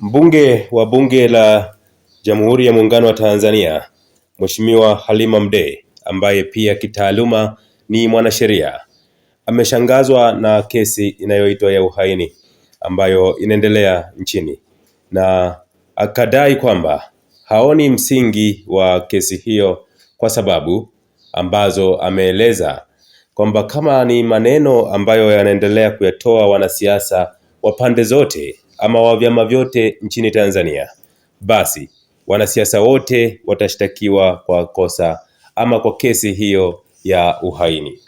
Mbunge wa Bunge la Jamhuri ya Muungano wa Tanzania Mheshimiwa Halima Mdee ambaye pia kitaaluma ni mwanasheria ameshangazwa na kesi inayoitwa ya uhaini ambayo inaendelea nchini na akadai kwamba haoni msingi wa kesi hiyo kwa sababu ambazo ameeleza kwamba kama ni maneno ambayo yanaendelea kuyatoa wanasiasa wa pande zote ama wa vyama vyote nchini Tanzania, basi wanasiasa wote watashtakiwa kwa kosa ama kwa kesi hiyo ya uhaini.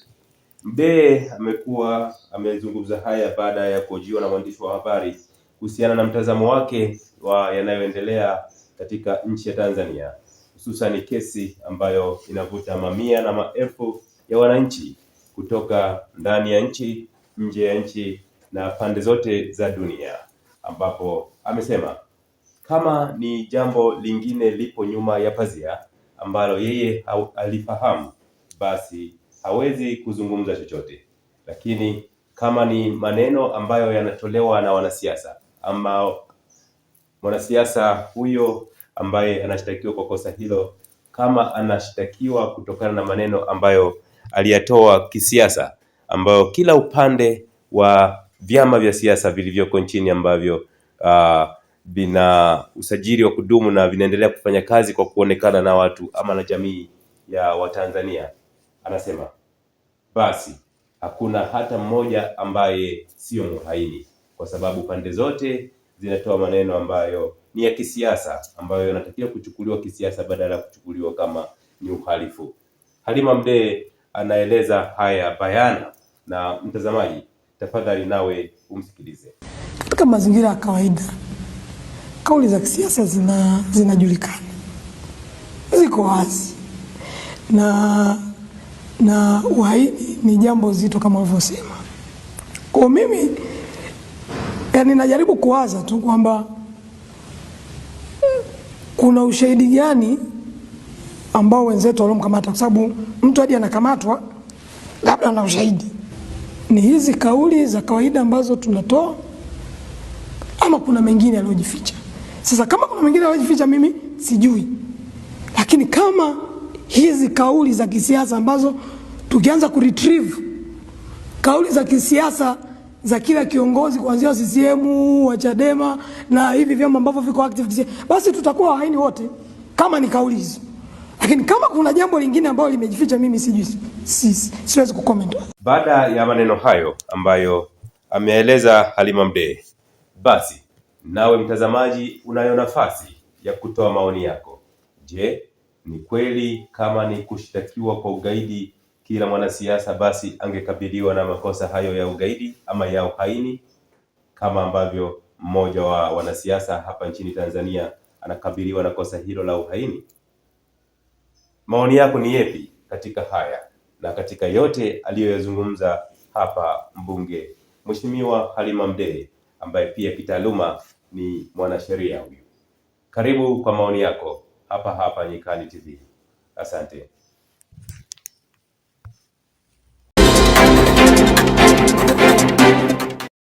Mdee amekuwa amezungumza haya baada ya kuhojiwa na mwandishi wa habari kuhusiana na mtazamo wake wa yanayoendelea katika nchi ya Tanzania, hususan kesi ambayo inavuta mamia na maelfu ya wananchi kutoka ndani ya nchi, nje ya nchi na pande zote za dunia ambapo amesema kama ni jambo lingine lipo nyuma ya pazia ambalo yeye alifahamu, basi hawezi kuzungumza chochote, lakini kama ni maneno ambayo yanatolewa na wanasiasa ama mwanasiasa huyo ambaye anashtakiwa kwa kosa hilo, kama anashtakiwa kutokana na maneno ambayo aliyatoa kisiasa, ambayo kila upande wa vyama vya siasa vilivyoko nchini ambavyo uh, vina usajili wa kudumu na vinaendelea kufanya kazi kwa kuonekana na watu ama na jamii ya Watanzania. Anasema basi hakuna hata mmoja ambaye sio muhaini, kwa sababu pande zote zinatoa maneno ambayo ni ya kisiasa, ambayo yanatakiwa kuchukuliwa kisiasa badala ya kuchukuliwa kama ni uhalifu. Halima Mdee anaeleza haya bayana, na mtazamaji Tafadhali nawe umsikilize. Katika mazingira ya kawaida, kauli za kisiasa zina zinajulikana, ziko wazi na na uhaini ni jambo zito kama ulivyosema. Kwa mimi yani, eh, najaribu kuwaza tu kwamba kuna ushahidi gani ambao wenzetu waliomkamata, kwa sababu mtu hadi anakamatwa labda ana ushahidi ni hizi kauli za kawaida ambazo tunatoa ama kuna mengine yanayojificha? Sasa kama kuna mengine yanayojificha mimi sijui, lakini kama hizi kauli za kisiasa ambazo tukianza ku kauli za kisiasa za kila kiongozi kuanzia wa CCM wa Chadema na hivi vyama ambavyo viko active, basi tutakuwa wahaini wote kama ni kauli hizo. Lakini kama kuna jambo lingine ambalo limejificha mimi sijui, si, si, siwezi kucomment. Baada ya maneno hayo ambayo ameeleza Halima Mdee, basi nawe mtazamaji unayo nafasi ya kutoa maoni yako. Je, ni kweli kama ni kushtakiwa kwa ugaidi kila mwanasiasa basi angekabiliwa na makosa hayo ya ugaidi ama ya uhaini kama ambavyo mmoja wa wanasiasa hapa nchini Tanzania anakabiliwa na kosa hilo la uhaini? Maoni yako ni yepi katika haya na katika yote aliyoyazungumza hapa mbunge Mheshimiwa Halima Mdee ambaye pia kitaaluma ni mwanasheria huyu? Karibu kwa maoni yako hapa hapa Nyikani TV. Asante.